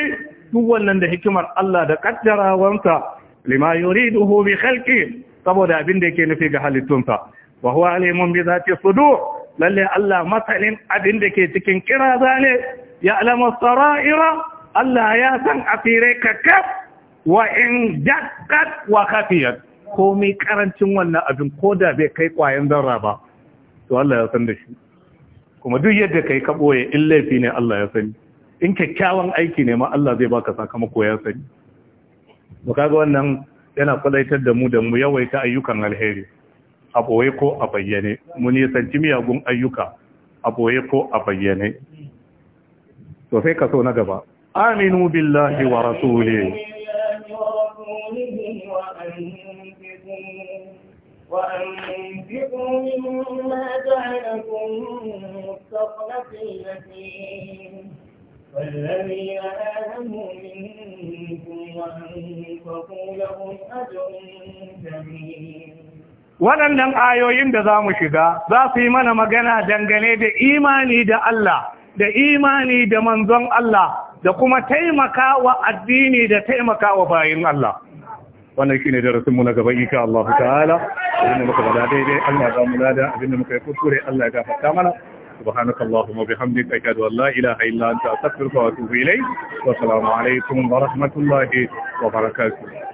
duk wannan da hikimar Allah da kaddarawansa lima duhu bi khalqi saboda abin da yake nufi ga halittunsa wa huwa alimun bi zati sudur Lallai Allah masanin abin da ke cikin kirazane. ne ya alama saraira Allah ya san asirai ka kaf wa in jakkat wa khafiyat komai karancin wannan abin ko da bai kai kwayan zarra ba to Allah ya san da shi kuma duk yadda kai ka boye in laifi ne Allah ya sani in kyakkyawan aiki ne ma Allah zai baka sakamako ya sani Mu kaga wannan yana kwadaitar da mu da mu yawaita ayyukan alheri a boye ko a bayyane mu nisanci miyagun ayyuka a boye ko a bayyane to sai ka so na gaba آمنوا بالله ورسوله waɗannan ayoyin da za mu shiga za su yi mana magana dangane da imani da Allah da imani da manzon Allah da kuma taimakawa addini da taimakawa bayan Allah. Wannan shi ne da rasu muna gaban ika Allah ta'ala. hala, abinda muka bada daidai Allah za mu lada abinda muka yi kuskure Allah ga fata mana. Subhanaka Allahumma bihamdika ashhadu an la ilaha illa anta astaghfiruka wa atubu ilayk. Wa assalamu alaikum wa rahmatullahi wa barakatuh.